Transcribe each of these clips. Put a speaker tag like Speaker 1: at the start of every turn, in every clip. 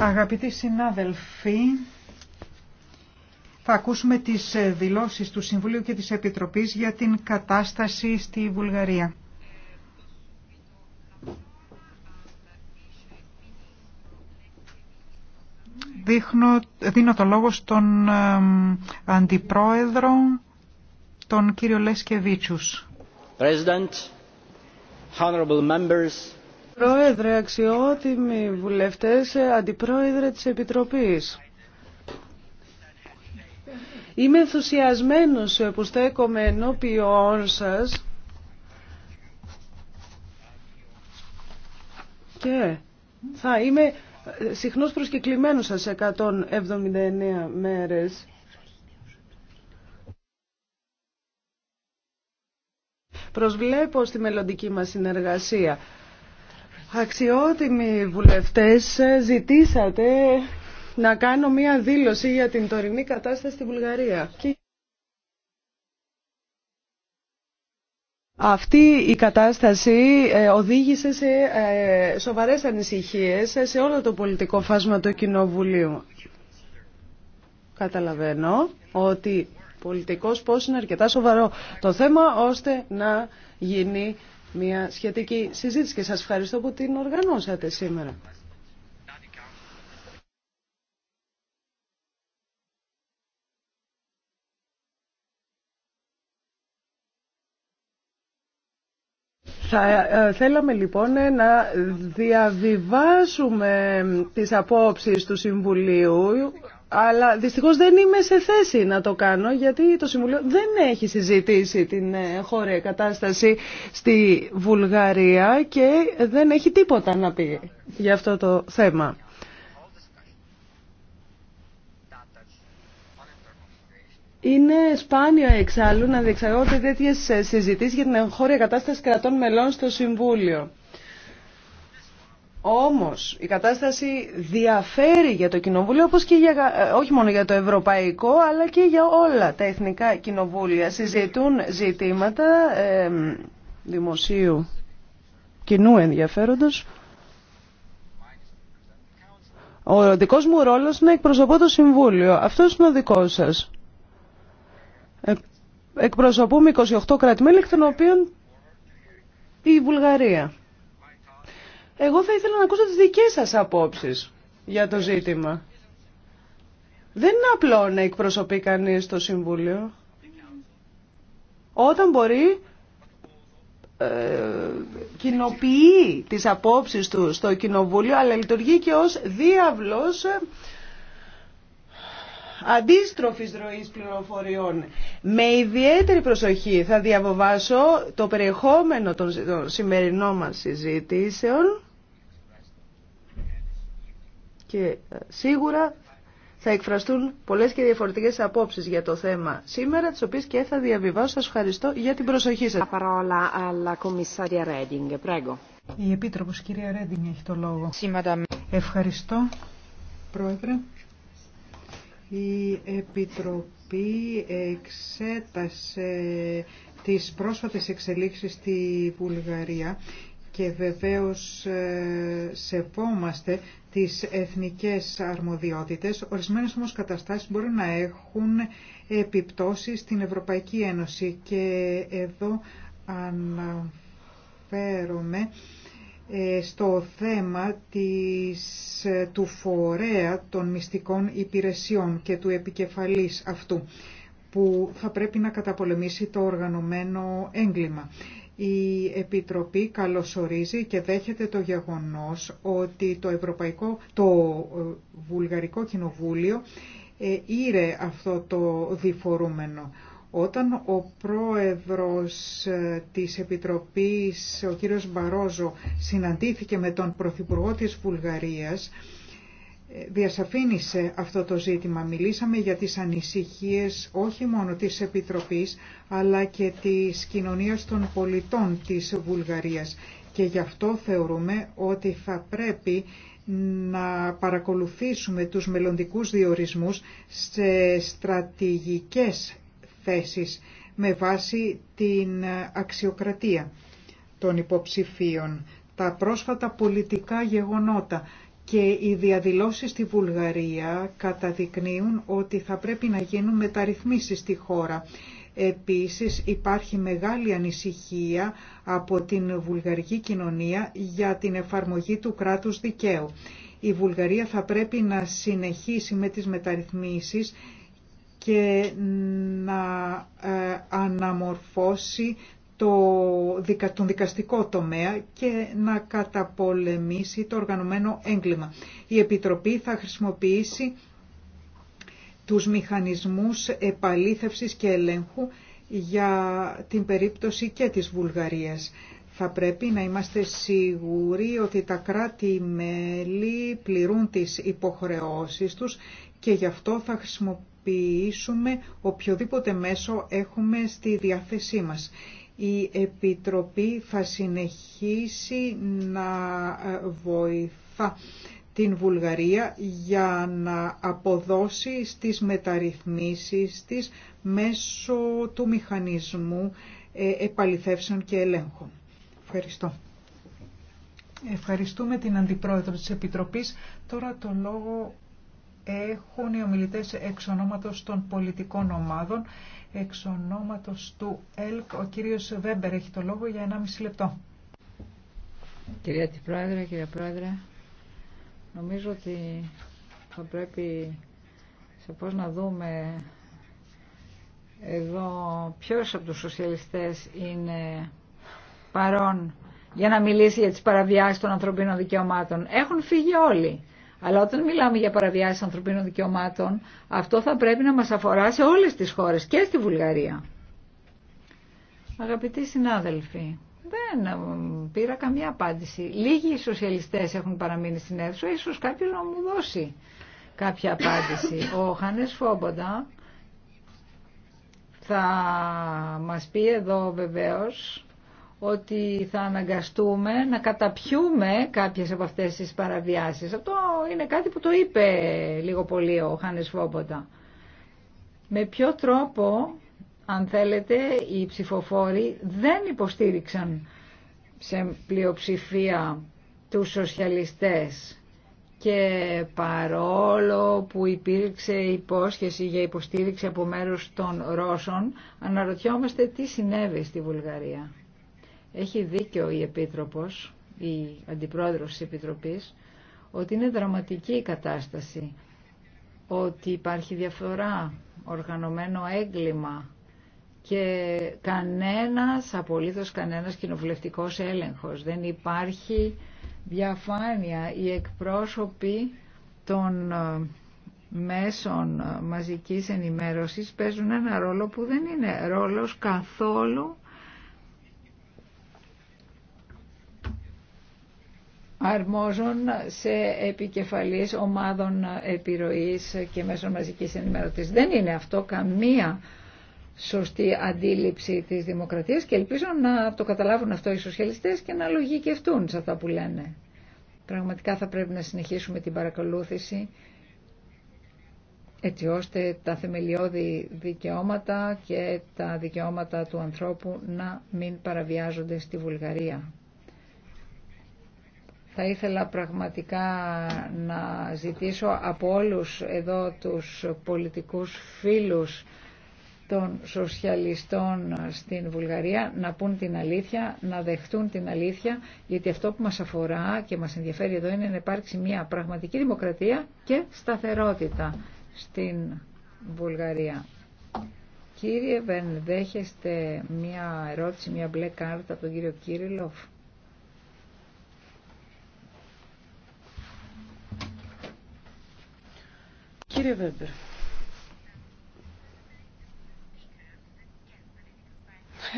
Speaker 1: Αγαπητοί συνάδελφοι, θα ακούσουμε τις ε, δηλώσεις του Συμβουλίου και της Επιτροπής για την κατάσταση στη Βουλγαρία. Δείχνω, δίνω το λόγο στον Αντιπρόεδρο, τον κύριο Λεσκεβίτσους.
Speaker 2: Πρόεδρε, αξιότιμοι βουλευτές, αντιπρόεδρε τη Επιτροπής. Είμαι ενθουσιασμένος που στέκομαι ενώπιόν σα. και θα είμαι συχνός προσκεκλημένος σας 179 μέρες. Προσβλέπω στη μελλοντική μας συνεργασία. Αξιότιμοι βουλευτές, ζητήσατε να κάνω μία δήλωση για την τωρινή κατάσταση στη Βουλγαρία. Αυτή η κατάσταση ε, οδήγησε σε ε, σοβαρές ανησυχίες σε όλο το πολιτικό φάσμα του Κοινοβουλίου. Καταλαβαίνω ότι πολιτικός πώς είναι αρκετά σοβαρό το θέμα ώστε να γίνει μια σχετική συζήτηση και σας ευχαριστώ που την οργανώσατε σήμερα. Θα ε, θέλαμε λοιπόν ε, να διαβιβάσουμε τις απόψεις του Συμβουλίου αλλά δυστυχώς δεν είμαι σε θέση να το κάνω γιατί το Συμβουλίο δεν έχει συζητήσει την ε, χώρια κατάσταση στη Βουλγαρία και δεν έχει τίποτα να πει για αυτό το θέμα. Είναι σπάνιο εξάλλου να διεξαγόνται τέτοιε συζητήσει για την χώρια κατάσταση κρατών μελών στο Συμβούλιο. Όμως η κατάσταση διαφέρει για το Κοινοβούλιο όπως και για, όχι μόνο για το Ευρωπαϊκό αλλά και για όλα τα εθνικά κοινοβούλια. Συζητούν ζητήματα δημοσίου κοινού ενδιαφέροντος. Ο δικός μου ρόλος είναι να εκπροσωπώ το Συμβούλιο. Αυτός είναι ο δικός σας. Εκπροσωπούμε 28 κράτη-μέλη, εκ των οποίων η Βουλγαρία. Εγώ θα ήθελα να ακούσω τις δικές σας απόψεις για το ζήτημα. Δεν είναι απλό να εκπροσωπεί κανείς το Συμβούλιο. Όταν μπορεί, ε, κοινοποιεί τις απόψεις του στο Κοινοβούλιο, αλλά λειτουργεί και ως διάβλος ε, αντίστροφης ροής πληροφοριών. Με ιδιαίτερη προσοχή θα διαβοβάσω το περιεχόμενο των σημερινών μας συζήτησεων και ε, σίγουρα θα εκφραστούν πολλές και διαφορετικές απόψεις για το θέμα σήμερα, τις οποίες και θα διαβιβάσω. Σας ευχαριστώ για την προσοχή σας. Παρόλα,
Speaker 1: Η Επίτροπος, κυρία Ρέντινγκ, έχει το λόγο. Ευχαριστώ, Πρόεδρε. Η Επιτροπή εξέτασε τις πρόσφατες εξελίξεις στη Βουλγαρία και βεβαίως ε, σεβόμαστε τις εθνικές αρμοδιότητες. Ορισμένες όμως καταστάσεις μπορεί να έχουν επιπτώσεις στην Ευρωπαϊκή Ένωση και εδώ αναφέρομαι ε, στο θέμα της, ε, του φορέα των μυστικών υπηρεσιών και του επικεφαλής αυτού που θα πρέπει να καταπολεμήσει το οργανωμένο έγκλημα. Η Επιτροπή καλωσορίζει και δέχεται το γεγονός ότι το, Ευρωπαϊκό, το ε, Βουλγαρικό Κοινοβούλιο ήρε αυτό το διφορούμενο. Όταν ο πρόεδρος ε, της Επιτροπής, ο κύριος Μπαρόζο, συναντήθηκε με τον Πρωθυπουργό της Βουλγαρίας, ε, διασαφήνισε αυτό το ζήτημα. Μιλήσαμε για τις ανησυχίες όχι μόνο της Επιτροπής, αλλά και της κοινωνίας των πολιτών της Βουλγαρίας. Και γι' αυτό θεωρούμε ότι θα πρέπει να παρακολουθήσουμε τους μελλοντικούς διορισμούς σε στρατηγικές θέσεις με βάση την αξιοκρατία των υποψηφίων. Τα πρόσφατα πολιτικά γεγονότα και οι διαδηλώσεις στη Βουλγαρία καταδεικνύουν ότι θα πρέπει να γίνουν μεταρρυθμίσεις στη χώρα. Επίσης υπάρχει μεγάλη ανησυχία από την βουλγαρική κοινωνία για την εφαρμογή του κράτους δικαίου. Η Βουλγαρία θα πρέπει να συνεχίσει με τις μεταρρυθμίσεις και να ε, αναμορφώσει το, τον δικαστικό τομέα και να καταπολεμήσει το οργανωμένο έγκλημα. Η Επιτροπή θα χρησιμοποιήσει τους μηχανισμούς επαλήθευσης και ελέγχου για την περίπτωση και της Βουλγαρίας. Θα πρέπει να είμαστε σίγουροι ότι τα κράτη-μέλη πληρούν τις υποχρεώσεις τους και γι' αυτό θα χρησιμοποιήσουμε οποιοδήποτε μέσο έχουμε στη διάθεσή μας. Η Επιτροπή θα συνεχίσει να ε, βοηθά την Βουλγαρία για να αποδώσει στις μεταρρυθμίσεις της μέσω του μηχανισμού ε, επαληθεύσεων και ελέγχων. Ευχαριστώ. Ευχαριστούμε την Αντιπρόεδρο της Επιτροπής. Τώρα το λόγο έχουν οι ομιλητές εξ ονόματος των πολιτικών ομάδων, εξ ονόματος του ΕΛΚ. Ο κύριος Βέμπερ έχει το λόγο για 1,5 λεπτό.
Speaker 3: Κυρία Τη Πρόεδρε, κύριε Πρόεδρε, νομίζω ότι θα πρέπει σε πώς να δούμε εδώ ποιος από τους σοσιαλιστές είναι παρόν για να μιλήσει για τις παραβιάσεις των ανθρωπίνων δικαιωμάτων. Έχουν φύγει όλοι. Αλλά όταν μιλάμε για παραβιάσεις ανθρωπίνων δικαιωμάτων, αυτό θα πρέπει να μας αφορά σε όλες τις χώρες και στη Βουλγαρία. Αγαπητοί συνάδελφοι, δεν ε, πήρα καμία απάντηση. Λίγοι σοσιαλιστές έχουν παραμείνει στην αίθουσα, ίσως κάποιος να μου δώσει κάποια απάντηση. Ο Χανές Φόμποντα θα μας πει εδώ βεβαίως ότι θα αναγκαστούμε να καταπιούμε κάποιες από αυτές τις παραβιάσεις. Αυτό είναι κάτι που το είπε λίγο πολύ ο Χάνες Φόμποτα. Με ποιο τρόπο, αν θέλετε, οι ψηφοφόροι δεν υποστήριξαν σε πλειοψηφία τους σοσιαλιστές και παρόλο που υπήρξε υπόσχεση για υποστήριξη από μέρους των Ρώσων, αναρωτιόμαστε τι συνέβη στη Βουλγαρία. Έχει δίκιο η Επίτροπος, η Αντιπρόεδρος της Επιτροπής, ότι είναι δραματική η κατάσταση, ότι υπάρχει διαφορά, οργανωμένο έγκλημα και κανένας, απολύτως κανένας κοινοβουλευτικός έλεγχος. Δεν υπάρχει διαφάνεια. Οι εκπρόσωποι των ε, μέσων ε, μαζικής ενημέρωσης παίζουν ένα ρόλο που δεν είναι ρόλος καθόλου αρμόζουν σε επικεφαλής ομάδων επιρροής και μέσων μαζικής ενημέρωσης. Δεν είναι αυτό καμία σωστή αντίληψη της δημοκρατίας και ελπίζω να το καταλάβουν αυτό οι σοσιαλιστές και να λογικευτούν σε αυτά που λένε. Πραγματικά θα πρέπει να συνεχίσουμε την παρακολούθηση έτσι ώστε τα θεμελιώδη δικαιώματα και τα δικαιώματα του ανθρώπου να μην παραβιάζονται στη Βουλγαρία. Θα ήθελα πραγματικά να ζητήσω από όλους εδώ τους πολιτικούς φίλους των σοσιαλιστών στην Βουλγαρία να πούν την αλήθεια, να δεχτούν την αλήθεια, γιατί αυτό που μας αφορά και μας ενδιαφέρει εδώ είναι να υπάρξει μια πραγματική δημοκρατία και σταθερότητα στην Βουλγαρία. Κύριε Βεν, δέχεστε μια ερώτηση, μια μπλε κάρτα από τον κύριο Κύριλοφ.
Speaker 1: Κύριε Βέμπερ,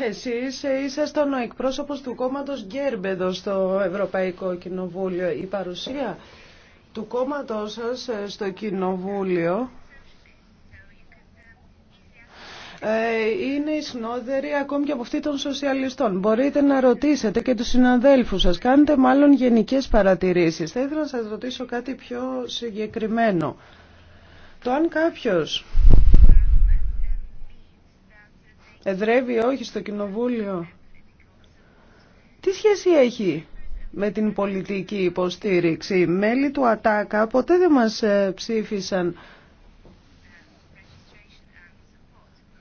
Speaker 2: Εσείς ήσασταν ο εκπρόσωπο του κόμματος Γκέρμπεδο στο Ευρωπαϊκό Κοινοβούλιο. Η παρουσία του κόμματο σας ε, στο Κοινοβούλιο ε, είναι η ακόμη και από αυτή των σοσιαλιστών. Μπορείτε να ρωτήσετε και τους συναδέλφους σας. Κάνετε μάλλον γενικές παρατηρήσεις. Θα ήθελα να σας ρωτήσω κάτι πιο συγκεκριμένο. Το αν κάποιος εδρεύει όχι στο κοινοβούλιο, τι σχέση έχει με την πολιτική υποστήριξη. Μέλη του ΑΤΑΚΑ ποτέ δεν μας ε, ψήφισαν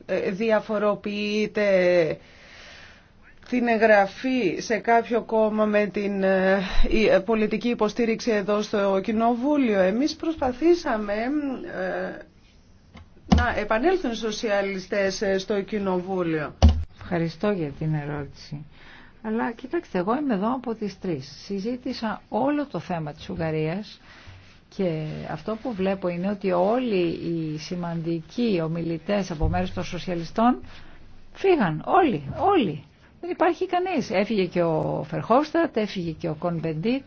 Speaker 2: ε, διαφοροποιείται την εγγραφή σε κάποιο κόμμα με την ε, ε, πολιτική υποστήριξη εδώ στο Κοινοβούλιο. Εμείς προσπαθήσαμε ε, να επανέλθουν οι σοσιαλιστές στο
Speaker 3: Κοινοβούλιο. Ευχαριστώ για την ερώτηση. Αλλά κοιτάξτε, εγώ είμαι εδώ από τις τρεις. Συζήτησα όλο το θέμα της Ουγγαρίας και αυτό που βλέπω είναι ότι όλοι οι σημαντικοί ομιλητές από μέρους των σοσιαλιστών φύγαν. Όλοι, όλοι. Δεν υπάρχει κανείς. Έφυγε και ο Φερχόστατ, έφυγε και ο Κονβεντίτ.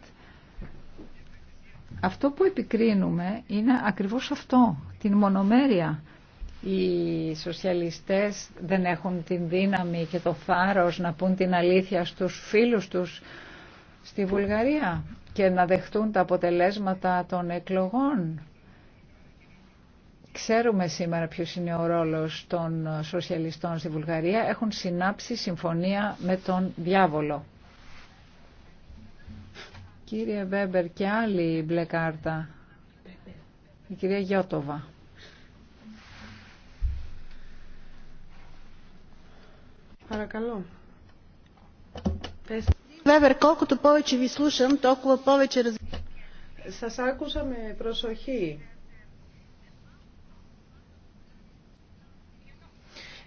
Speaker 3: Αυτό που επικρίνουμε είναι ακριβώς αυτό, την μονομέρεια. Οι σοσιαλιστές δεν έχουν την δύναμη και το θάρρος να πούν την αλήθεια στους φίλους τους στη Βουλγαρία και να δεχτούν τα αποτελέσματα των εκλογών. Ξέρουμε σήμερα ποιο είναι ο ρόλος των σοσιαλιστών στη Βουλγαρία. Έχουν συνάψει συμφωνία με τον διάβολο. Κύριε Βέμπερ και άλλη μπλε κάρτα. Η κυρία Γιώτοβα. Παρακαλώ. Βέμπερ, колкото
Speaker 1: повече ви слушам,
Speaker 2: άκουσα με προσοχή.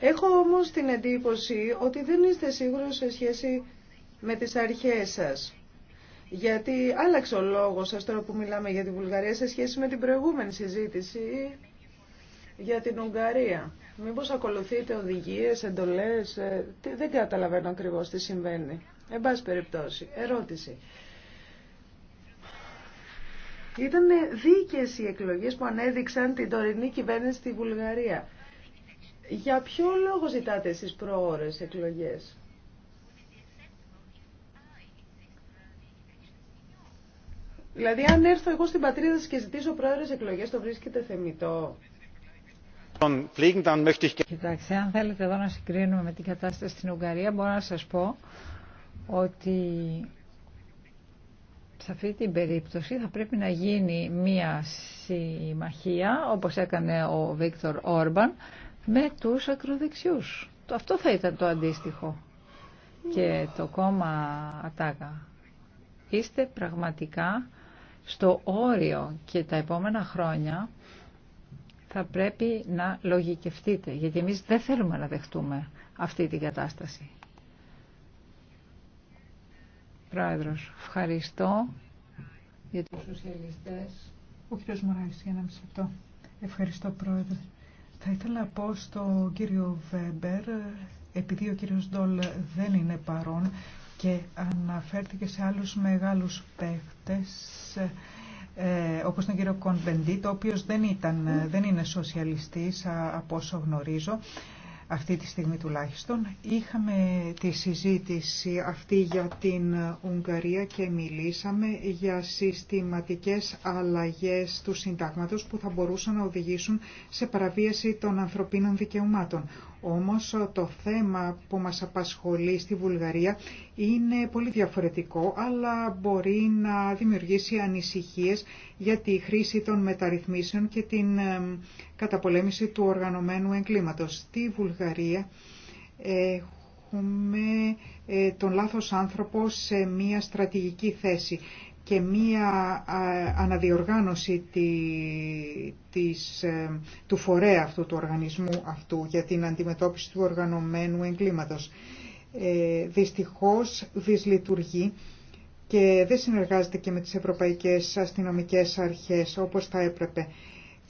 Speaker 2: Έχω όμως την εντύπωση ότι δεν είστε σίγουρος σε σχέση με τις αρχές σας. Γιατί άλλαξε ο λόγος σας τώρα που μιλάμε για τη Βουλγαρία σε σχέση με την προηγούμενη συζήτηση για την Ουγγαρία. Μήπως ακολουθείτε οδηγίες, εντολές, ε, δεν καταλαβαίνω ακριβώς τι συμβαίνει. Εν πάση περιπτώσει, ερώτηση. Ήταν δίκαιες οι εκλογές που ανέδειξαν την τωρινή κυβέρνηση στη Βουλγαρία. Για ποιο λόγο ζητάτε εσείς προώρες εκλογές. Δηλαδή αν έρθω εγώ στην πατρίδα σας και ζητήσω προώρες εκλογές
Speaker 3: το βρίσκεται θεμητό. Κοιτάξτε, αν θέλετε εδώ να συγκρίνουμε με την κατάσταση στην Ουγγαρία, μπορώ να σας πω ότι σε αυτή την περίπτωση θα πρέπει να γίνει μία συμμαχία, όπως έκανε ο Βίκτορ Όρμπαν, με τους ακροδεξιούς. Αυτό θα ήταν το αντίστοιχο. Και το κόμμα Ατάκα. Είστε πραγματικά στο όριο και τα επόμενα χρόνια θα πρέπει να λογικευτείτε, γιατί εμείς δεν θέλουμε να δεχτούμε αυτή την κατάσταση. Πρόεδρος, ευχαριστώ για τους σοσιαλιστές.
Speaker 1: Ο κ. Μωράης, για ένα μισό λεπτό. Ευχαριστώ, Πρόεδρε. Θα ήθελα να πω στον κύριο Βέμπερ, επειδή ο κύριος Ντόλ δεν είναι παρόν και αναφέρθηκε σε άλλους μεγάλους παίχτες, ε, όπως τον κύριο Κονβεντίτ, ο οποίος δεν, ήταν, ε, δεν είναι σοσιαλιστής από όσο γνωρίζω, αυτή τη στιγμή τουλάχιστον. Είχαμε τη συζήτηση αυτή για την Ουγγαρία και μιλήσαμε για συστηματικές αλλαγές του συντάγματος που θα μπορούσαν να οδηγήσουν σε παραβίαση των ανθρωπίνων δικαιωμάτων. Όμως το θέμα που μας απασχολεί στη Βουλγαρία είναι πολύ διαφορετικό, αλλά μπορεί να δημιουργήσει ανησυχίες για τη χρήση των μεταρρυθμίσεων και την καταπολέμηση του οργανωμένου εγκλήματος. Στη Βουλγαρία έχουμε ε, τον λάθος άνθρωπο σε μία στρατηγική θέση και μία αναδιοργάνωση ε, του φορέα αυτού, του οργανισμού αυτού για την αντιμετώπιση του οργανωμένου εγκλήματος. Ε, δυστυχώς δυσλειτουργεί και δεν συνεργάζεται και με τις ευρωπαϊκές αστυνομικές αρχές όπως θα έπρεπε.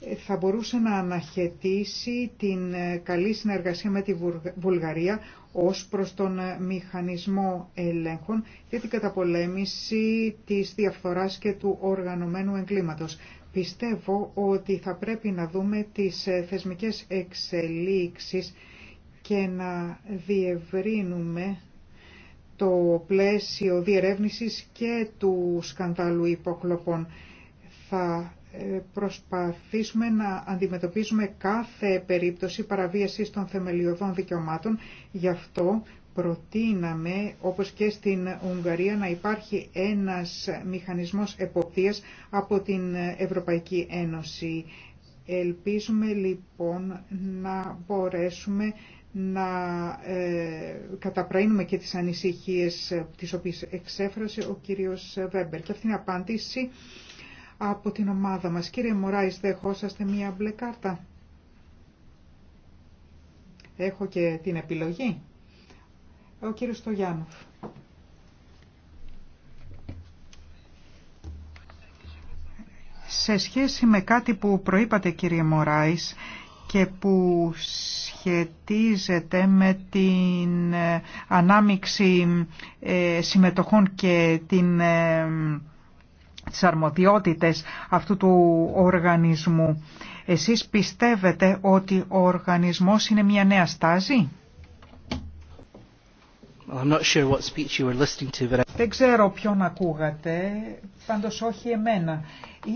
Speaker 1: Ε, θα μπορούσε να αναχαιτήσει την ε, καλή συνεργασία με τη Βουλγαρία ως προς τον ε, μηχανισμό ελέγχων και την καταπολέμηση της διαφθοράς και του οργανωμένου εγκλήματος. Πιστεύω ότι θα πρέπει να δούμε τις ε, θεσμικές εξελίξεις και να διευρύνουμε το πλαίσιο διερεύνησης και του σκανδάλου υποκλοπών. Θα ε, προσπαθήσουμε να αντιμετωπίσουμε κάθε περίπτωση παραβίασης των θεμελιωδών δικαιωμάτων. Γι' αυτό προτείναμε, όπως και στην Ουγγαρία, να υπάρχει ένας μηχανισμός εποπτείας από την Ευρωπαϊκή Ένωση. Ελπίζουμε λοιπόν να μπορέσουμε να ε, καταπραίνουμε και τις ανησυχίες τις οποίες εξέφρασε ο κύριος Βέμπερ. Και αυτή είναι απάντηση από την ομάδα μας. Κύριε Μωράης, δεχόσαστε μία μπλε κάρτα. Έχω και την επιλογή. Ο κύριος Στογιάννοφ. Σε σχέση με κάτι που προείπατε κύριε Μωράης και που σχετίζεται με την ε, ανάμιξη ε, συμμετοχών και την ε, τις αρμοδιότητες αυτού του οργανισμού. Εσείς πιστεύετε ότι ο οργανισμός είναι μια νέα στάση? Δεν ξέρω ποιον ακούγατε, πάντως όχι εμένα.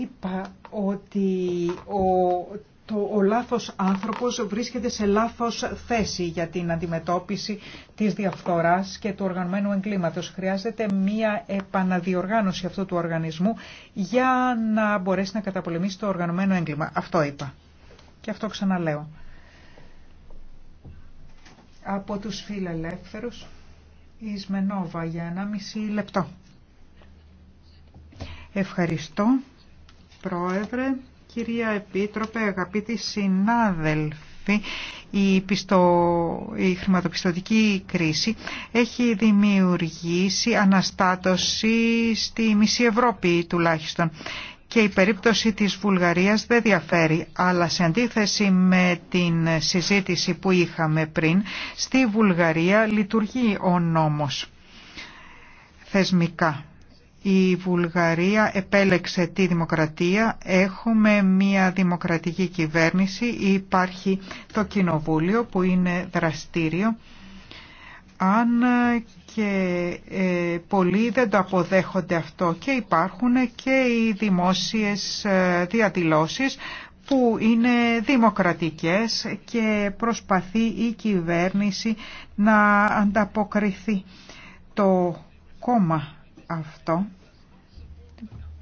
Speaker 1: Είπα ότι ο, το, ο λάθος άνθρωπος βρίσκεται σε λάθος θέση για την αντιμετώπιση της διαφθοράς και του οργανωμένου εγκλήματος. Χρειάζεται μία επαναδιοργάνωση αυτού του οργανισμού για να μπορέσει να καταπολεμήσει το οργανωμένο έγκλημα. Αυτό είπα. Και αυτό ξαναλέω. Από τους φιλελεύθερους, η Σμενόβα για 1,5 λεπτό. Ευχαριστώ, Πρόεδρε. Κυρία Επίτροπε, αγαπητοί συνάδελφοι, η, πιστο... η χρηματοπιστωτική κρίση έχει δημιουργήσει αναστάτωση στη μισή Ευρώπη τουλάχιστον και η περίπτωση της Βουλγαρίας δεν διαφέρει, αλλά σε αντίθεση με την συζήτηση που είχαμε πριν, στη Βουλγαρία λειτουργεί ο νόμος θεσμικά η Βουλγαρία επέλεξε τη δημοκρατία, έχουμε μια δημοκρατική κυβέρνηση, υπάρχει το κοινοβούλιο που είναι δραστήριο. Αν και ε, πολλοί δεν το αποδέχονται αυτό και υπάρχουν και οι δημόσιες ε, διαδηλώσεις που είναι δημοκρατικές και προσπαθεί η κυβέρνηση να ανταποκριθεί. Το κόμμα αυτό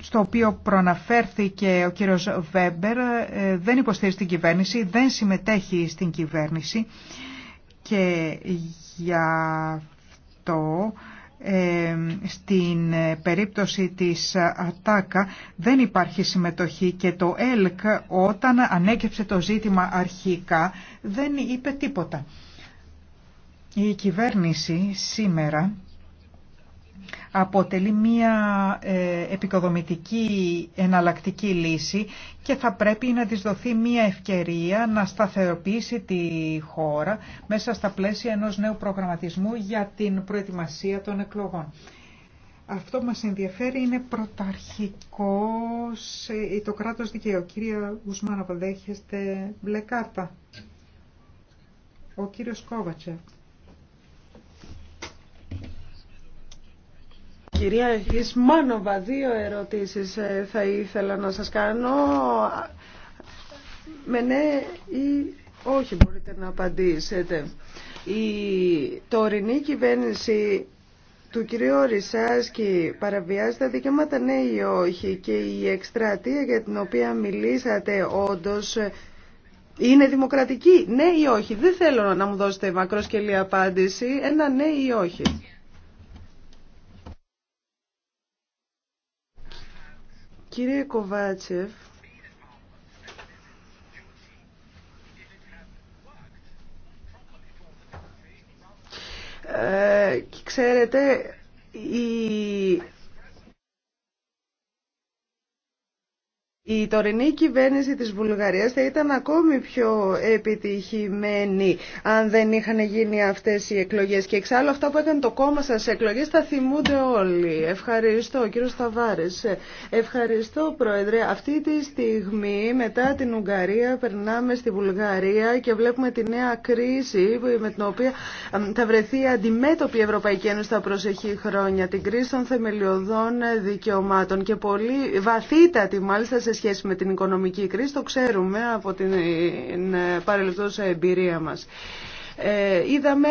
Speaker 1: στο οποίο προναφέρθηκε ο κύριος Βέμπερ ε, δεν υποστηρίζει την κυβέρνηση, δεν συμμετέχει στην κυβέρνηση και για αυτό ε, στην περίπτωση της ΑΤΑΚΑ δεν υπάρχει συμμετοχή και το ΕΛΚ όταν ανέκεψε το ζήτημα αρχικά δεν είπε τίποτα. Η κυβέρνηση σήμερα αποτελεί μια ε, επικοδομητική εναλλακτική λύση και θα πρέπει να της δοθεί μια ευκαιρία να σταθεροποιήσει τη χώρα μέσα στα πλαίσια ενός νέου προγραμματισμού για την προετοιμασία των εκλογών. Αυτό μας ενδιαφέρει είναι πρωταρχικό ε, το κράτος δικαίου. Κύριε Γουσμάνα, δέχεστε μπλε κάρτα. Ο κύριος Κόβατσεφ.
Speaker 2: Κυρία Ισμάνοβα, δύο ερωτήσεις ε, θα ήθελα να σας κάνω. Με ναι ή όχι μπορείτε να απαντήσετε. Η τωρινή κυβέρνηση του κυρίου Ρισάσκη παραβιάζει τα δικαιώματα ναι ή όχι και η εκστρατεία για την οποία μιλήσατε όντως είναι δημοκρατική ναι ή όχι. Δεν θέλω να μου δώσετε μακρόσκελη απάντηση. Ένα ναι ή όχι. Κύριε Κοβάτσεφ, ε, ξέρετε, η Η τωρινή κυβέρνηση της Βουλγαρίας θα ήταν ακόμη πιο επιτυχημένη αν δεν είχαν γίνει αυτές οι εκλογές. Και εξάλλου αυτά που έκανε το κόμμα σας σε εκλογές θα θυμούνται όλοι. Ευχαριστώ κύριο Σταβάρης. Ευχαριστώ πρόεδρε. Αυτή τη στιγμή μετά την Ουγγαρία περνάμε στη Βουλγαρία και βλέπουμε τη νέα κρίση με την οποία θα βρεθεί αντιμέτωπη η Ευρωπαϊκή Ένωση τα προσεχή χρόνια. Την κρίση των θεμελιωδών δικαιωμάτων και πολύ βαθύτατη μάλιστα σε σχέση με την οικονομική κρίση, το ξέρουμε από την παρελθούσα εμπειρία μας. Ε, είδαμε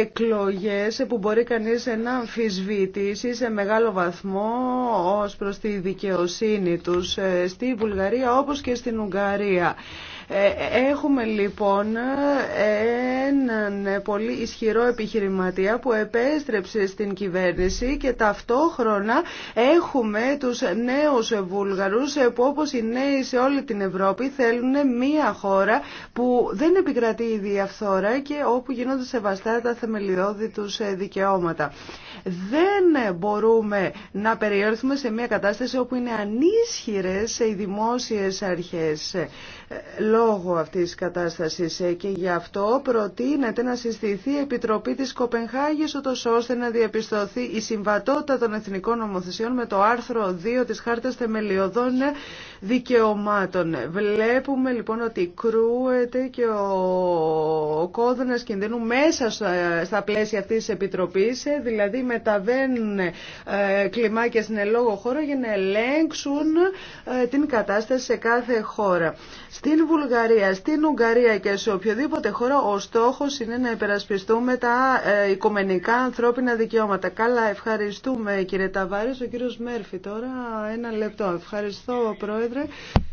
Speaker 2: εκλογές που μπορεί κανείς να αμφισβητήσει σε μεγάλο βαθμό ως προς τη δικαιοσύνη τους ε, στη Βουλγαρία όπως και στην Ουγγαρία. Ε, έχουμε λοιπόν έναν πολύ ισχυρό επιχειρηματία που επέστρεψε στην κυβέρνηση και ταυτόχρονα έχουμε τους νέους Βούλγαρους που όπως οι νέοι σε όλη την Ευρώπη θέλουν μία χώρα που δεν επικρατεί η διαφθόρα και όπου γίνονται σεβαστά τα θεμελιώδη τους δικαιώματα. Δεν μπορούμε να περιέλθουμε σε μία κατάσταση όπου είναι ανίσχυρες οι δημόσιες αρχές λόγω αυτής της κατάστασης ε, και γι' αυτό προτείνεται να συστηθεί η Επιτροπή της Κοπενχάγης ούτως ώστε να διαπιστωθεί η συμβατότητα των εθνικών νομοθεσιών με το άρθρο 2 της Χάρτας Θεμελιωδών Δικαιωμάτων. Βλέπουμε λοιπόν ότι κρούεται και ο κόδωνας κινδύνου μέσα στα πλαίσια αυτής της Επιτροπής, ε, δηλαδή μεταβαίνουν ε, κλιμάκια στην ελόγω χώρο για να ελέγξουν την κατάσταση σε κάθε χώρα. Στην Βουλγαρία, στην Ουγγαρία και σε οποιοδήποτε χώρο ο στόχος είναι να υπερασπιστούμε τα ε, οικομενικά ανθρώπινα δικαιώματα. Καλά, ευχαριστούμε κύριε Ταβάρης. Ο κύριος Μέρφη τώρα ένα λεπτό. Ευχαριστώ πρόεδρε.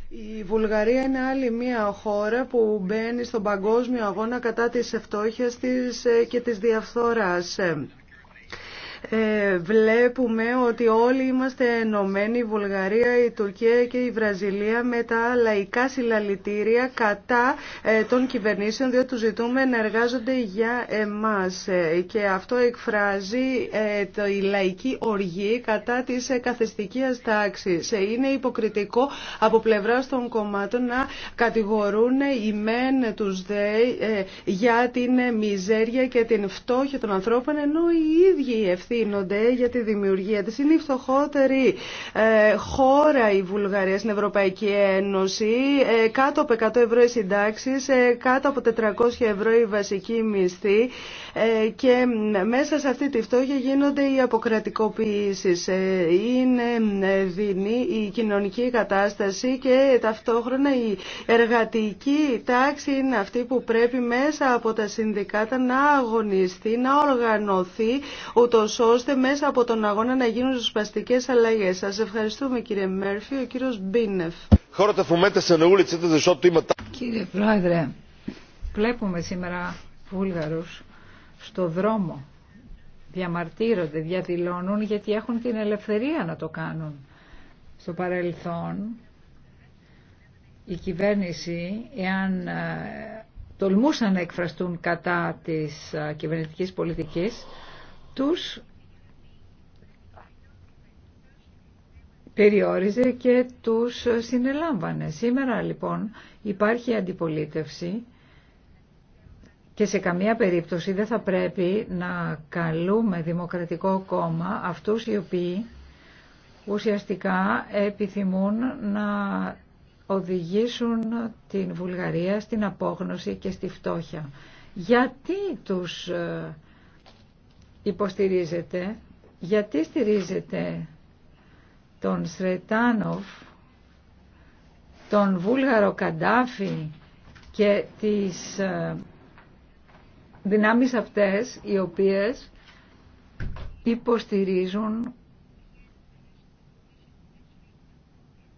Speaker 2: Η Βουλγαρία είναι άλλη μια χώρα που μπαίνει στον παγκόσμιο αγώνα κατά της ευτόχειας της ε, και της διαφθοράς. Ε, βλέπουμε ότι όλοι είμαστε ενωμένοι, η Βουλγαρία, η Τουρκία και η Βραζιλία με τα λαϊκά συλλαλητήρια κατά ε, των κυβερνήσεων, διότι τους ζητούμε να εργάζονται για εμάς. Ε, και αυτό εκφράζει το, η λαϊκή οργή κατά της ε, τάξη. τάξης. είναι υποκριτικό από πλευρά των κομμάτων να κατηγορούν οι μεν τους δε για την μιζέρια και την φτώχεια των ανθρώπων, ενώ οι ίδιοι για τη δημιουργία της. Είναι η φτωχότερη ε, χώρα η Βουλγαρία στην Ευρωπαϊκή Ένωση, ε, κάτω από 100 ευρώ οι συντάξεις, ε, κάτω από 400 ευρώ η βασική μισθή και μέσα σε αυτή τη φτώχεια γίνονται οι αποκρατικοποιήσεις. Είναι δεινή η κοινωνική κατάσταση και ταυτόχρονα η εργατική τάξη είναι αυτή που πρέπει μέσα από τα συνδικάτα να αγωνιστεί, να οργανωθεί, ούτως ώστε μέσα από τον αγώνα να γίνουν ζωσπαστικέ αλλαγέ. Σα ευχαριστούμε κύριε Μέρφυ, ο κύριο Μπίνεφ.
Speaker 3: Κύριε Πρόεδρε, βλέπουμε σήμερα Βούλγαρου στο δρόμο. Διαμαρτύρονται, διαδηλώνουν γιατί έχουν την ελευθερία να το κάνουν. Στο παρελθόν η κυβέρνηση, εάν ε, τολμούσαν να εκφραστούν κατά της ε, κυβερνητικής πολιτικής, τους περιόριζε και τους συνελάμβανε. Σήμερα λοιπόν υπάρχει αντιπολίτευση και σε καμία περίπτωση δεν θα πρέπει να καλούμε δημοκρατικό κόμμα αυτούς οι οποίοι ουσιαστικά επιθυμούν να οδηγήσουν την Βουλγαρία στην απόγνωση και στη φτώχεια. Γιατί τους ε, υποστηρίζετε, γιατί στηρίζετε τον Σρετάνοφ, τον Βούλγαρο Καντάφη και τις ε, δυνάμεις αυτές οι οποίες υποστηρίζουν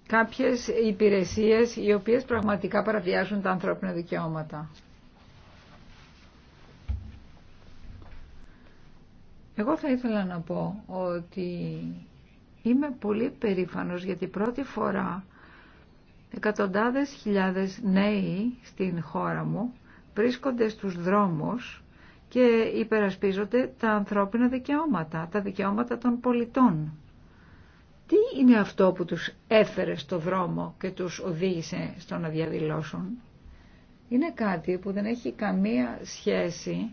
Speaker 3: κάποιες υπηρεσίες οι οποίες πραγματικά παραβιάζουν τα ανθρώπινα δικαιώματα. Εγώ θα ήθελα να πω ότι Είμαι πολύ περήφανος γιατί πρώτη φορά εκατοντάδες χιλιάδες νέοι στην χώρα μου βρίσκονται στους δρόμους και υπερασπίζονται τα ανθρώπινα δικαιώματα, τα δικαιώματα των πολιτών. Τι είναι αυτό που τους έφερε στο δρόμο και τους οδήγησε στο να διαδηλώσουν. Είναι κάτι που δεν έχει καμία σχέση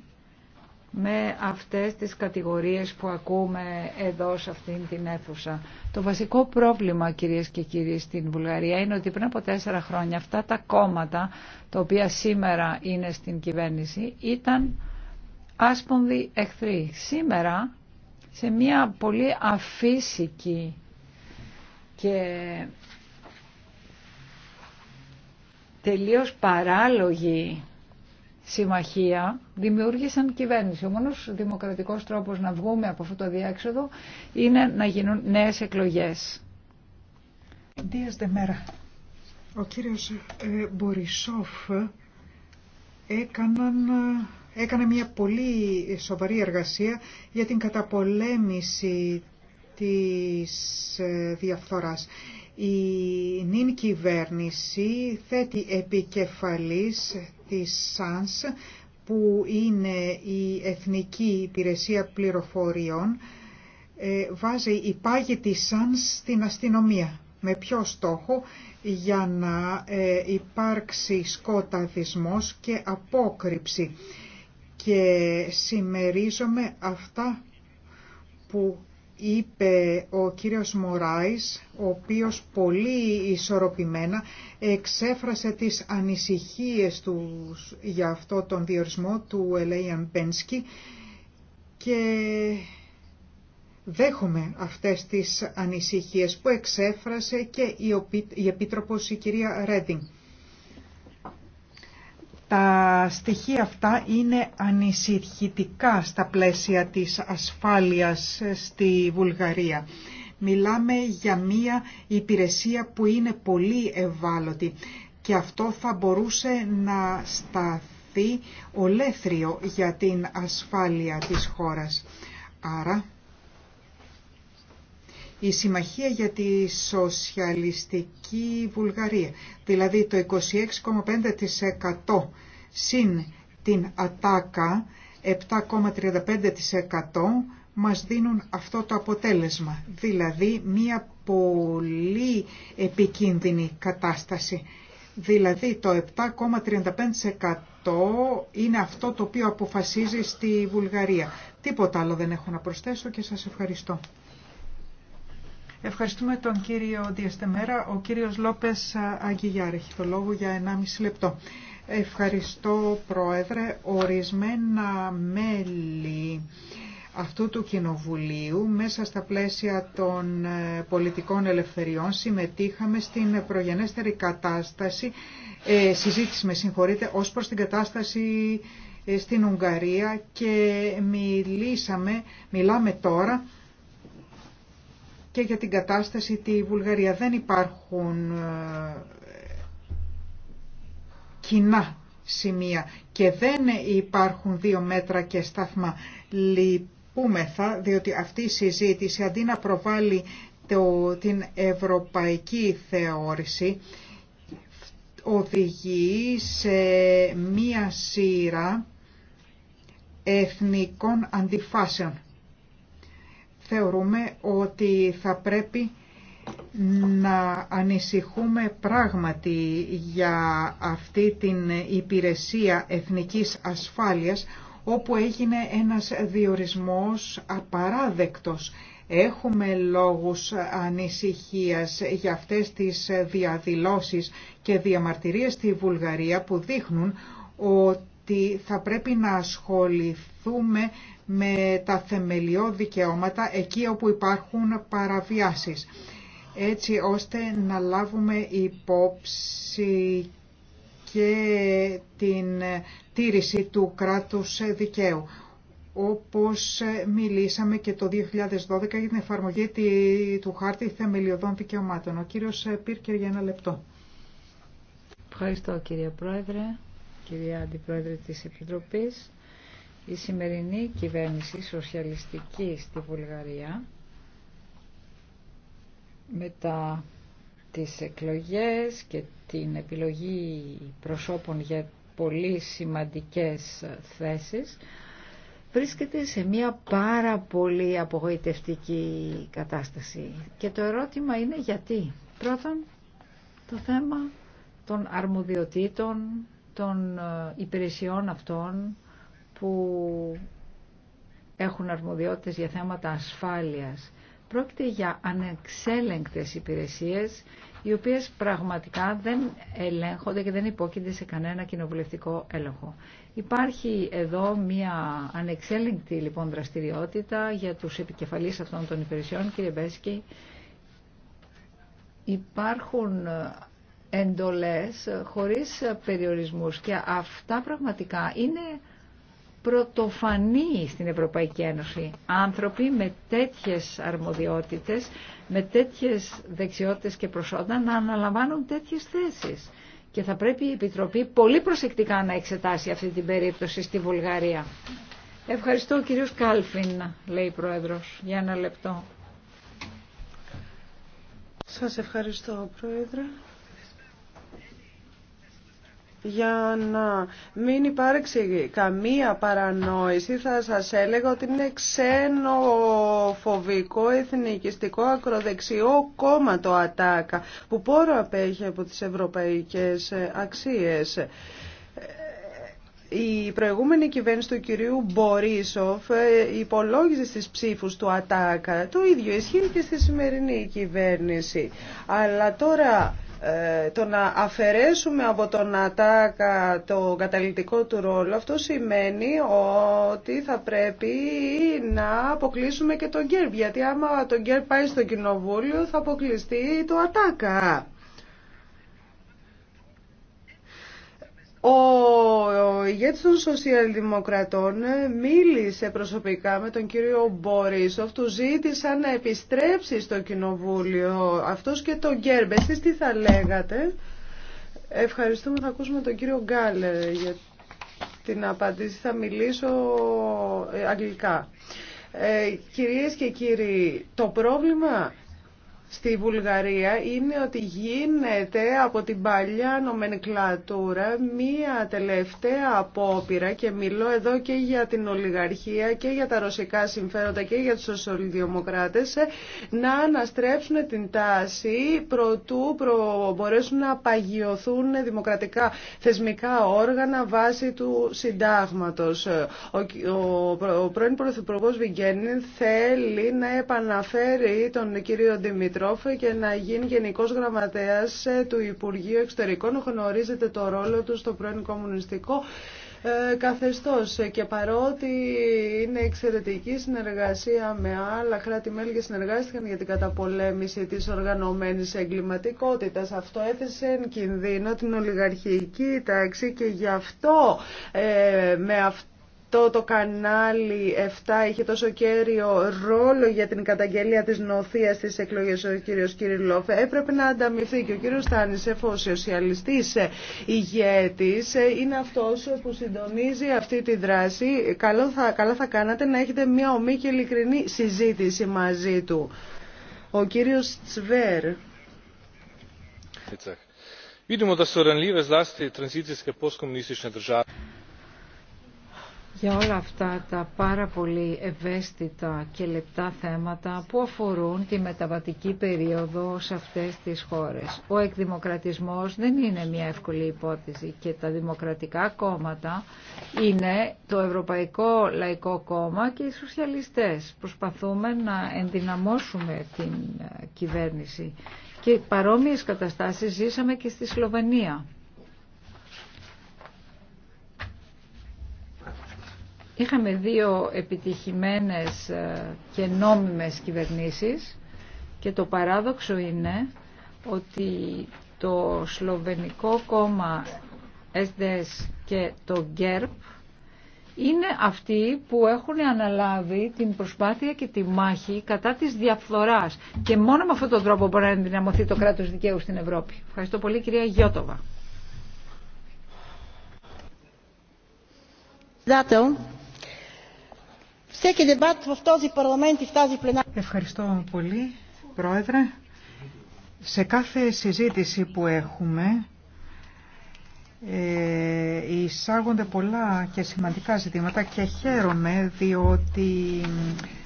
Speaker 3: με αυτές τις κατηγορίες που ακούμε εδώ σε αυτήν την αίθουσα. Το βασικό πρόβλημα κυρίες και κύριοι στην Βουλγαρία είναι ότι πριν από τέσσερα χρόνια αυτά τα κόμματα τα οποία σήμερα είναι στην κυβέρνηση ήταν άσπονδοι εχθροί. Σήμερα σε μια πολύ αφύσικη και τελείως παράλογη συμμαχία δημιούργησαν κυβέρνηση. Ο μόνος δημοκρατικός τρόπος να βγούμε από αυτό το διέξοδο είναι να γίνουν νέες εκλογές. Δίας μέρα.
Speaker 1: Ο κύριος ε, Μπορισόφ έκαναν, ε, έκανε μια πολύ σοβαρή εργασία για την καταπολέμηση της ε, διαφθοράς. Η νυν κυβέρνηση θέτει επικεφαλής της ΣΑΝΣ που είναι η Εθνική Υπηρεσία Πληροφοριών ε, βάζει η πάγη της ΣΑΝΣ στην αστυνομία. Με ποιο στόχο για να ε, υπάρξει σκοταδισμός και απόκρυψη. Και συμμερίζομαι αυτά που είπε ο κύριος Μωράης, ο οποίος πολύ ισορροπημένα εξέφρασε τις ανησυχίες του για αυτό τον διορισμό του Ελέιαν Πένσκι και δέχομαι αυτές τις ανησυχίες που εξέφρασε και η Επίτροπος η κυρία Ρέντινγκ. Τα στοιχεία αυτά είναι ανησυχητικά στα πλαίσια της ασφάλειας στη Βουλγαρία. Μιλάμε για μία υπηρεσία που είναι πολύ ευάλωτη και αυτό θα μπορούσε να σταθεί ολέθριο για την ασφάλεια της χώρας. Άρα η Συμμαχία για τη Σοσιαλιστική Βουλγαρία, δηλαδή το 26,5% συν την ΑΤΑΚΑ 7,35% μας δίνουν αυτό το αποτέλεσμα, δηλαδή μία πολύ επικίνδυνη κατάσταση. Δηλαδή το 7,35% είναι αυτό το οποίο αποφασίζει στη Βουλγαρία. Τίποτα άλλο δεν έχω να προσθέσω και σας ευχαριστώ. Ευχαριστούμε τον κύριο Διαστεμέρα. Ο κύριος Λόπες Αγγιγιάρ έχει το λόγο για 1,5 λεπτό. Ευχαριστώ Πρόεδρε. Ορισμένα μέλη αυτού του Κοινοβουλίου μέσα στα πλαίσια των ε, πολιτικών ελευθεριών συμμετείχαμε στην προγενέστερη κατάσταση, ε, συζήτηση με συγχωρείτε, ως προς την κατάσταση ε, στην Ουγγαρία και μιλήσαμε, μιλάμε τώρα και για την κατάσταση τη Βουλγαρία. Δεν υπάρχουν ε, κοινά σημεία και δεν υπάρχουν δύο μέτρα και στάθμα λυπούμεθα, διότι αυτή η συζήτηση αντί να προβάλλει το, την ευρωπαϊκή θεώρηση, οδηγεί σε μία σειρά εθνικών αντιφάσεων θεωρούμε ότι θα πρέπει να ανησυχούμε πράγματι για αυτή την υπηρεσία εθνικής ασφάλειας όπου έγινε ένας διορισμός απαράδεκτος. Έχουμε λόγους ανησυχίας για αυτές τις διαδηλώσεις και διαμαρτυρίες στη Βουλγαρία που δείχνουν ότι θα πρέπει να ασχοληθούμε με τα θεμελιώδη δικαιώματα εκεί όπου υπάρχουν παραβιάσεις έτσι ώστε να λάβουμε υπόψη και την τήρηση του κράτους δικαίου όπως μιλήσαμε και το 2012 για την εφαρμογή του Χάρτη Θεμελιωδών Δικαιωμάτων. Ο κύριος Πίρκερ για ένα λεπτό.
Speaker 3: Ευχαριστώ κύριε Πρόεδρε, κυρία Αντιπρόεδρε της Επιτροπής. Η σημερινή κυβέρνηση σοσιαλιστική στη Βουλγαρία μετά τις εκλογές και την επιλογή προσώπων για πολύ σημαντικές θέσεις βρίσκεται σε μια πάρα πολύ απογοητευτική κατάσταση. Και το ερώτημα είναι γιατί. Πρώτον, το θέμα των αρμοδιοτήτων, των ε, υπηρεσιών αυτών, που έχουν αρμοδιότητες για θέματα ασφάλειας. Πρόκειται για ανεξέλεγκτες υπηρεσίες οι οποίες πραγματικά δεν ελέγχονται και δεν υπόκεινται σε κανένα κοινοβουλευτικό έλεγχο. Υπάρχει εδώ μια ανεξέλεγκτη λοιπόν δραστηριότητα για τους επικεφαλείς αυτών των υπηρεσιών, κύριε Μπέσκι Υπάρχουν εντολές χωρίς περιορισμούς και αυτά πραγματικά είναι πρωτοφανή στην Ευρωπαϊκή Ένωση. Άνθρωποι με τέτοιες αρμοδιότητες, με τέτοιες δεξιότητες και προσόντα να αναλαμβάνουν τέτοιες θέσεις. Και θα πρέπει η Επιτροπή πολύ προσεκτικά να εξετάσει αυτή την περίπτωση στη Βουλγαρία. Ευχαριστώ κύριος Κάλφιν, λέει η Πρόεδρος, για ένα λεπτό. Σας ευχαριστώ Πρόεδρε.
Speaker 2: Για να μην υπάρξει καμία παρανόηση θα σας έλεγα ότι είναι ξένοφοβικό, εθνικιστικό, ακροδεξιό κόμμα το ΑΤΑΚΑ που πόρο απέχει από τις ευρωπαϊκές αξίες. Η προηγούμενη κυβέρνηση του κυρίου Μπορίσοφ ε, υπολόγιζε στις ψήφους του ΑΤΑΚΑ. Το ίδιο ισχύει και στη σημερινή κυβέρνηση. Αλλά τώρα ε, το να αφαιρέσουμε από τον ΑΤΑΚΑ το καταλητικό του ρόλο, αυτό σημαίνει ότι θα πρέπει να αποκλείσουμε και τον ΚΕΡΠ. Γιατί άμα τον ΚΕΡΠ πάει στο κοινοβούλιο θα αποκλειστεί το ΑΤΑΚΑ. Ο ηγέτης των Σοσιαλδημοκρατών μίλησε προσωπικά με τον κύριο Μπόρισοφ, του ζήτησαν να επιστρέψει στο Κοινοβούλιο. Αυτός και τον Γκέρμπε, εσείς τι θα λέγατε. Ευχαριστούμε, θα ακούσουμε τον κύριο Γκάλερ για την απάντηση. Θα μιλήσω ε, αγγλικά. Ε, κυρίες και κύριοι, το πρόβλημα στη Βουλγαρία είναι ότι γίνεται από την παλιά νομενκλατούρα μία τελευταία απόπειρα και μιλώ εδώ και για την ολιγαρχία και για τα ρωσικά συμφέροντα και για τους σοσιαλδημοκράτες να αναστρέψουν την τάση προτού μπορέσουν να παγιωθούν δημοκρατικά θεσμικά όργανα βάσει του συντάγματος. Ο, ο, ο πρώην Πρωθυπουργός Βιγγέννη θέλει να επαναφέρει τον κύριο Δημήτρη και να γίνει γενικό γραμματέα ε, του Υπουργείου Εξωτερικών. Γνωρίζετε το ρόλο του στο πρώην κομμουνιστικό ε, Καθεστώ. και παρότι είναι εξαιρετική συνεργασία με άλλα κράτη-μέλη και συνεργάστηκαν για την καταπολέμηση τη οργανωμένη εγκληματικότητα. Αυτό έθεσε εν κινδύνο την ολιγαρχική τάξη και γι' αυτό ε, με αυτό το το κανάλι 7 είχε τόσο κέριο ρόλο για την καταγγελία της νοθείας στις εκλογές ο κύριος Κυριλόφ. Έπρεπε να ανταμυφθεί και ο κύριος Στάνης, εφόσον σοσιαλιστής ε, ηγέτης, ε, είναι αυτός που συντονίζει αυτή τη δράση. Καλό θα, καλά θα κάνατε να έχετε μια ομή και ειλικρινή συζήτηση μαζί του. Ο κύριος Τσβέρ
Speaker 3: για όλα αυτά τα πάρα πολύ ευαίσθητα και λεπτά θέματα που αφορούν τη μεταβατική περίοδο σε αυτές τις χώρες. Ο εκδημοκρατισμός δεν είναι μια εύκολη υπόθεση και τα δημοκρατικά κόμματα είναι το Ευρωπαϊκό Λαϊκό Κόμμα και οι σοσιαλιστές. Προσπαθούμε να ενδυναμώσουμε την ε, κυβέρνηση και παρόμοιες καταστάσεις ζήσαμε και στη Σλοβενία. Είχαμε δύο επιτυχημένες ε, και νόμιμες κυβερνήσεις και το παράδοξο είναι ότι το Σλοβενικό κόμμα SDS και το GERP είναι αυτοί που έχουν αναλάβει την προσπάθεια και τη μάχη κατά της διαφθοράς. Και μόνο με αυτόν τον τρόπο μπορεί να ενδυναμωθεί το κράτος δικαίου στην Ευρώπη. Ευχαριστώ πολύ κυρία Γιώτοβα.
Speaker 1: Ευχαριστώ πολύ, Πρόεδρε. Σε κάθε συζήτηση που έχουμε ε, εισάγονται πολλά και σημαντικά ζητήματα και χαίρομαι διότι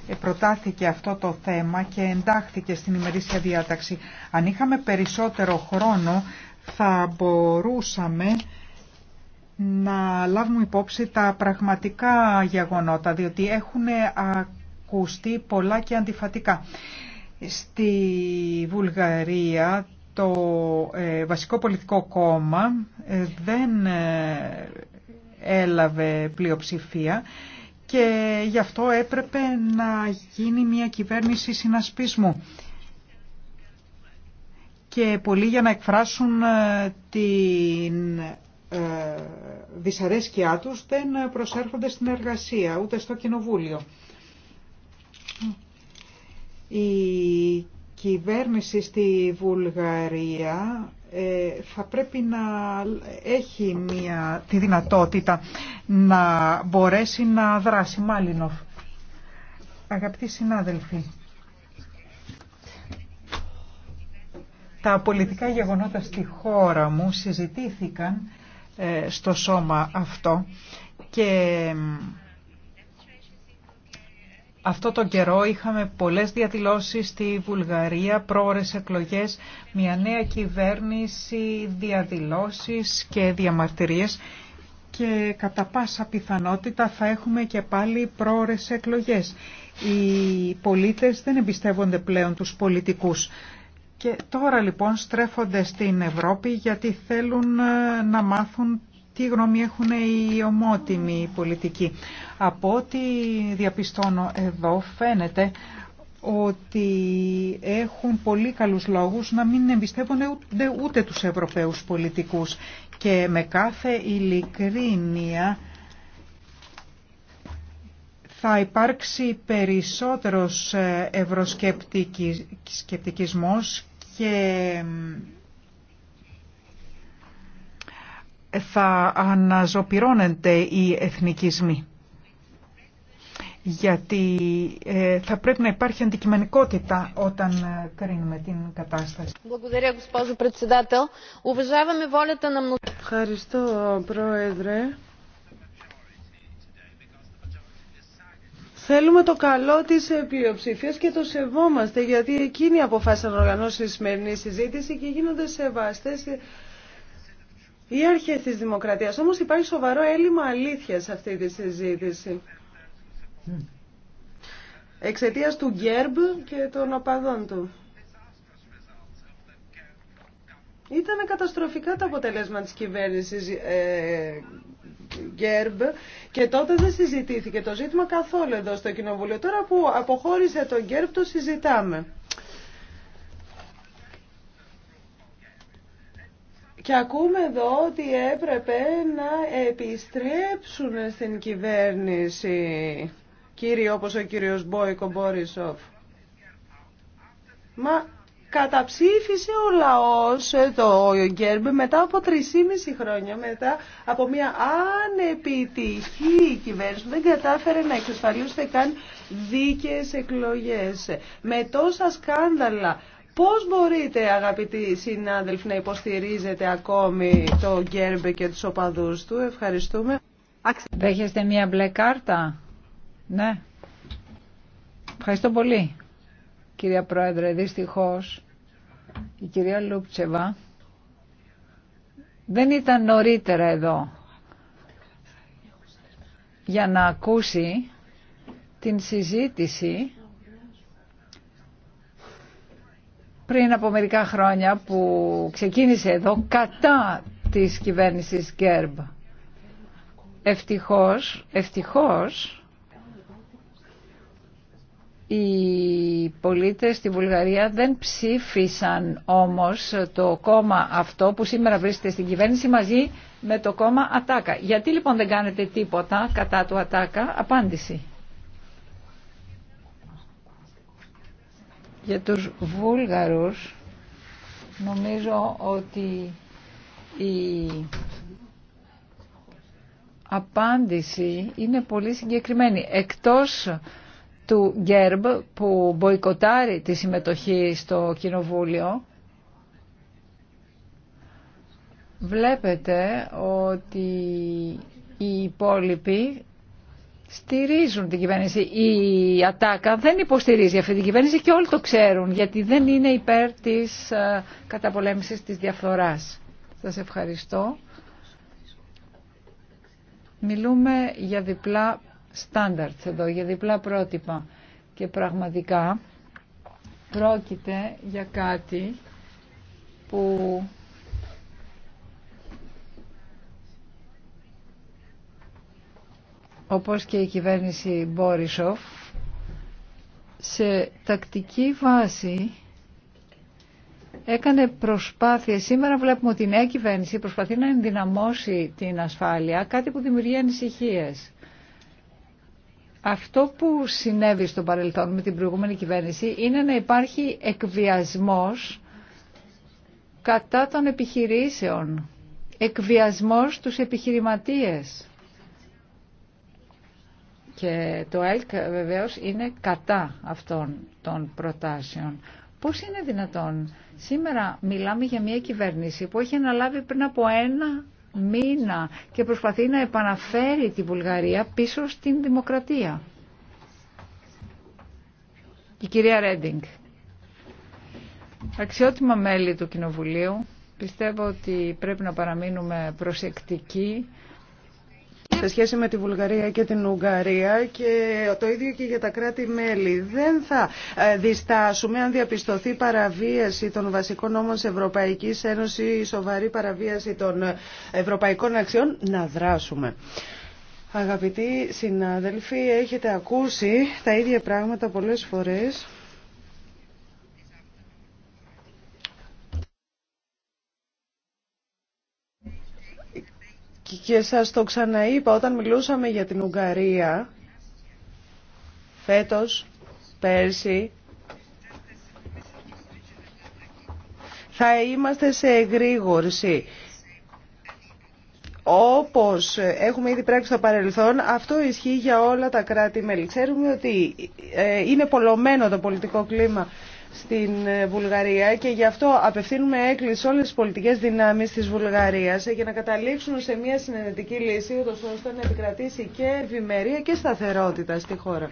Speaker 1: ε, προτάθηκε αυτό το θέμα και εντάχθηκε στην ημερήσια διάταξη. Αν είχαμε περισσότερο χρόνο θα μπορούσαμε να λάβουμε υπόψη τα πραγματικά γεγονότα, διότι έχουν ακουστεί πολλά και αντιφατικά. Στη Βουλγαρία το ε, βασικό πολιτικό κόμμα ε, δεν ε, έλαβε πλειοψηφία και γι' αυτό έπρεπε να γίνει μια κυβέρνηση συνασπισμού και πολλοί για να εκφράσουν την ε, δυσαρέσκειά τους δεν προσέρχονται στην εργασία, ούτε στο κοινοβούλιο. Η κυβέρνηση στη Βουλγαρία ε, θα πρέπει να έχει μια, τη δυνατότητα να μπορέσει να δράσει. Μάλινοφ, αγαπητοί συνάδελφοι, τα πολιτικά γεγονότα στη χώρα μου συζητήθηκαν ε, στο σώμα αυτό και αυτό τον καιρό είχαμε πολλές διαδηλώσεις στη Βουλγαρία, πρόορες εκλογές, μια νέα κυβέρνηση, διαδηλώσεις και διαμαρτυρίες και κατά πάσα πιθανότητα θα έχουμε και πάλι πρόορες εκλογές. Οι πολίτες δεν εμπιστεύονται πλέον τους πολιτικούς. Και τώρα λοιπόν στρέφονται στην Ευρώπη γιατί θέλουν ε, να μάθουν τι γνώμη έχουν οι ομότιμοι πολιτικοί. Από ό,τι διαπιστώνω εδώ φαίνεται ότι έχουν πολύ καλούς λόγους να μην εμπιστεύονται ε, ούτε, ούτε τους Ευρωπαίους πολιτικούς και με κάθε ειλικρίνεια θα υπάρξει περισσότερος ε, ευρωσκεπτικισμός και ε, θα αναζωπυρώνεται οι εθνικισμοί. Γιατί ε, θα πρέπει να υπάρχει αντικειμενικότητα όταν ε, κρίνουμε την κατάσταση.
Speaker 2: Ευχαριστώ, Πρόεδρε. Θέλουμε το καλό τη πλειοψηφία και το σεβόμαστε γιατί εκείνοι αποφάσισαν να οργανώσουν τη σημερινή συζήτηση και γίνονται σεβαστές οι αρχέ της δημοκρατίας. Όμως υπάρχει σοβαρό έλλειμμα αλήθειας σε αυτή τη συζήτηση. Εξαιτία του Γκέρμπ και των οπαδών του. Ήταν καταστροφικά τα αποτελέσματα της κυβέρνησης ε, Γκέρμπ και τότε δεν συζητήθηκε το ζήτημα καθόλου εδώ στο Κοινοβούλιο. Τώρα που αποχώρησε το Γκέρμπ το συζητάμε. Και ακούμε εδώ ότι έπρεπε να επιστρέψουν στην κυβέρνηση κύριοι όπως ο κύριος Μπόικο Μπόρισοφ. Μα καταψήφισε ο λαός ε, το Γκέρμπ μετά από 3,5 χρόνια, μετά από μια ανεπιτυχή κυβέρνηση που δεν κατάφερε να εξασφαλίσετε καν δίκαιες εκλογές. Με τόσα σκάνδαλα Πώς μπορείτε αγαπητοί συνάδελφοι να υποστηρίζετε ακόμη το Γκέρμπε και τους οπαδούς του. Ευχαριστούμε.
Speaker 3: Δέχεστε μία μπλε κάρτα. Ναι. Ευχαριστώ πολύ κυρία Πρόεδρε, δυστυχώς η κυρία Λούπτσεβα δεν ήταν νωρίτερα εδώ για να ακούσει την συζήτηση πριν από μερικά χρόνια που ξεκίνησε εδώ κατά της κυβέρνησης Γκέρμπ. Ευτυχώς, ευτυχώς, οι πολίτες στη Βουλγαρία δεν ψήφισαν όμως το κόμμα αυτό που σήμερα βρίσκεται στην κυβέρνηση μαζί με το κόμμα Ατάκα. Γιατί λοιπόν δεν κάνετε τίποτα κατά του Ατάκα, απάντηση. Για τους Βούλγαρους νομίζω ότι η απάντηση είναι πολύ συγκεκριμένη. Εκτός του Γκέρμπ που μποϊκοτάρει τη συμμετοχή στο Κοινοβούλιο. Βλέπετε ότι οι υπόλοιποι στηρίζουν την κυβέρνηση. Η Ατάκα δεν υποστηρίζει αυτή την κυβέρνηση και όλοι το ξέρουν γιατί δεν είναι υπέρ της ε, καταπολέμησης της διαφθοράς. Σας ευχαριστώ. Μιλούμε για διπλά standards εδώ, για διπλά πρότυπα. Και πραγματικά πρόκειται για κάτι που όπως και η κυβέρνηση Μπόρισοφ σε τακτική βάση έκανε προσπάθειες. Σήμερα βλέπουμε ότι η νέα κυβέρνηση προσπαθεί να ενδυναμώσει την ασφάλεια, κάτι που δημιουργεί ανησυχίες. Αυτό που συνέβη στο παρελθόν με την προηγούμενη κυβέρνηση είναι να υπάρχει εκβιασμός κατά των επιχειρήσεων, εκβιασμός τους επιχειρηματίες. Και το ΕΛΚ βεβαίως είναι κατά αυτών των προτάσεων. Πώς είναι δυνατόν. Σήμερα μιλάμε για μια κυβέρνηση που έχει αναλάβει πριν από ένα μήνα και προσπαθεί να επαναφέρει τη Βουλγαρία πίσω στην δημοκρατία. Η κυρία Ρέντινγκ. Αξιότιμα μέλη του Κοινοβουλίου, πιστεύω ότι πρέπει να παραμείνουμε προσεκτικοί
Speaker 2: σε σχέση με τη Βουλγαρία και την Ουγγαρία και το ίδιο και για τα κράτη-μέλη. Δεν θα ε, διστάσουμε αν διαπιστωθεί παραβίαση των βασικών νόμων της Ευρωπαϊκής Ένωσης, σοβαρή παραβίαση των ε, ευρωπαϊκών αξιών, να δράσουμε. Αγαπητοί συνάδελφοι, έχετε ακούσει τα ίδια πράγματα πολλές φορές. Και σας το ξαναείπα όταν μιλούσαμε για την Ουγγαρία φέτος, πέρσι, θα είμαστε σε εγρήγορση. Όπως έχουμε ήδη πράξει στο παρελθόν, αυτό ισχύει για όλα τα κράτη-μέλη. Ξέρουμε ότι ε, είναι πολλωμένο το πολιτικό κλίμα στην ε, Βουλγαρία και γι' αυτό απευθύνουμε έκκληση σε όλες τις πολιτικές δυνάμεις της Βουλγαρίας ε, για να καταλήξουν σε μια συνενετική λύση ώστε να επικρατήσει και ευημερία και σταθερότητα στη χώρα.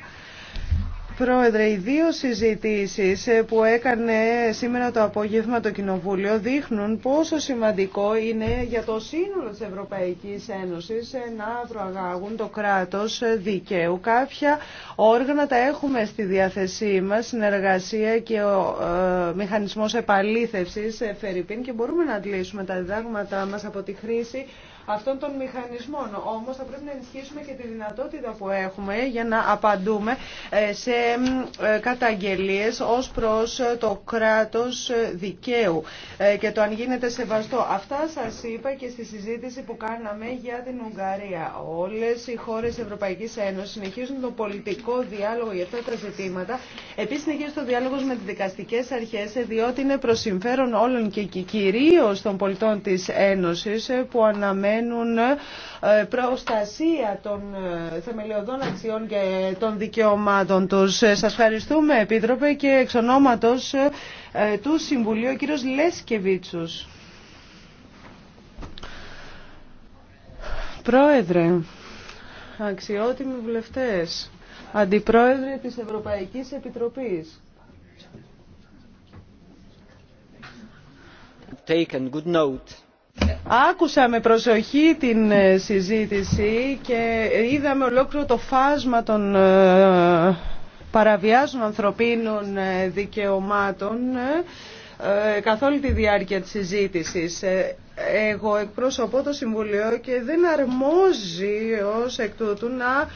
Speaker 2: Πρόεδρε, οι δύο συζητήσεις ε, που έκανε σήμερα το απόγευμα το Κοινοβούλιο δείχνουν πόσο σημαντικό είναι για το σύνολο της Ευρωπαϊκής Ένωσης ε, να προαγάγουν το κράτος ε, δικαίου. Κάποια όργανα τα έχουμε στη διάθεσή μας, συνεργασία και ο μηχανισμός επαλήθευσης, Φερρυπίν, και μπορούμε να αντλήσουμε τα διδάγματα μας από τη χρήση αυτών των μηχανισμών. Όμως θα πρέπει να ενισχύσουμε και τη δυνατότητα που έχουμε για να απαντούμε ε, σε ε, καταγγελίες ως προς ε, το κράτος δικαίου και το αν γίνεται σεβαστό. Αυτά σας είπα και στη συζήτηση που κάναμε για την Ουγγαρία. Όλες οι χώρες Ευρωπαϊκής Ένωσης συνεχίζουν τον πολιτικό διάλογο για αυτά τα ζητήματα. Επίσης συνεχίζει το διάλογο με τις δικαστικές αρχές διότι είναι προς συμφέρον όλων και κυρίως των πολιτών της Ένωσης που αναμένουν σημαίνουν ε, προστασία των ε, θεμελιωδών αξιών και των δικαιωμάτων τους. Ε, σας ευχαριστούμε, Επίτροπε, και εξ ονόματος του Συμβουλίου, ο κύριος Λέσκεβίτσους.
Speaker 1: Πρόεδρε,
Speaker 2: αξιότιμοι βουλευτές, Αντιπρόεδρε της Ευρωπαϊκής Επιτροπής.
Speaker 3: and good note
Speaker 2: Άκουσα με προσοχή την ε, συζήτηση και είδαμε ολόκληρο το φάσμα των ε, παραβιάζων ανθρωπίνων ε, δικαιωμάτων καθ' όλη τη διάρκεια της συζήτησης. Εγώ εκπροσωπώ το Συμβουλίο και δεν αρμόζει ως εκ τούτου να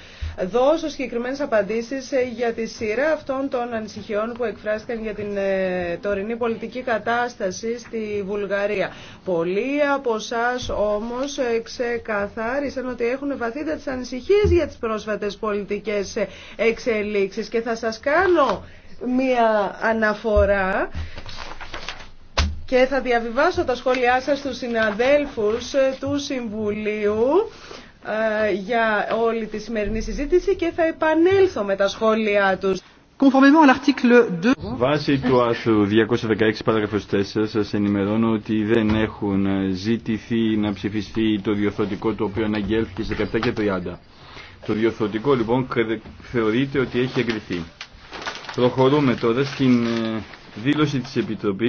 Speaker 2: δώσω συγκεκριμένε απαντήσει ε, για τη σειρά αυτών των ανησυχιών που εκφράστηκαν για την ε, τωρινή πολιτική κατάσταση στη Βουλγαρία. Πολλοί από εσά όμως ε, ξεκαθάρισαν ότι έχουν τι ανησυχίε για τι πρόσφατες πολιτικέ εξελίξει και θα σα κάνω μία αναφορά και θα διαβιβάσω τα σχόλιά σας στους συναδέλφους του Συμβουλίου ε, για όλη τη σημερινή συζήτηση και θα επανέλθω με τα σχόλιά τους.
Speaker 3: Βάσει του άρθρου 216 παράγραφο 4 σα ενημερώνω ότι δεν έχουν ζητηθεί να ψηφιστεί
Speaker 1: το διορθωτικό το οποίο αναγγέλθηκε σε 17 και 30. Το διορθωτικό λοιπόν
Speaker 3: θεωρείται ότι έχει εγκριθεί. Προχωρούμε τώρα στην ε, δήλωση της Επιτροπής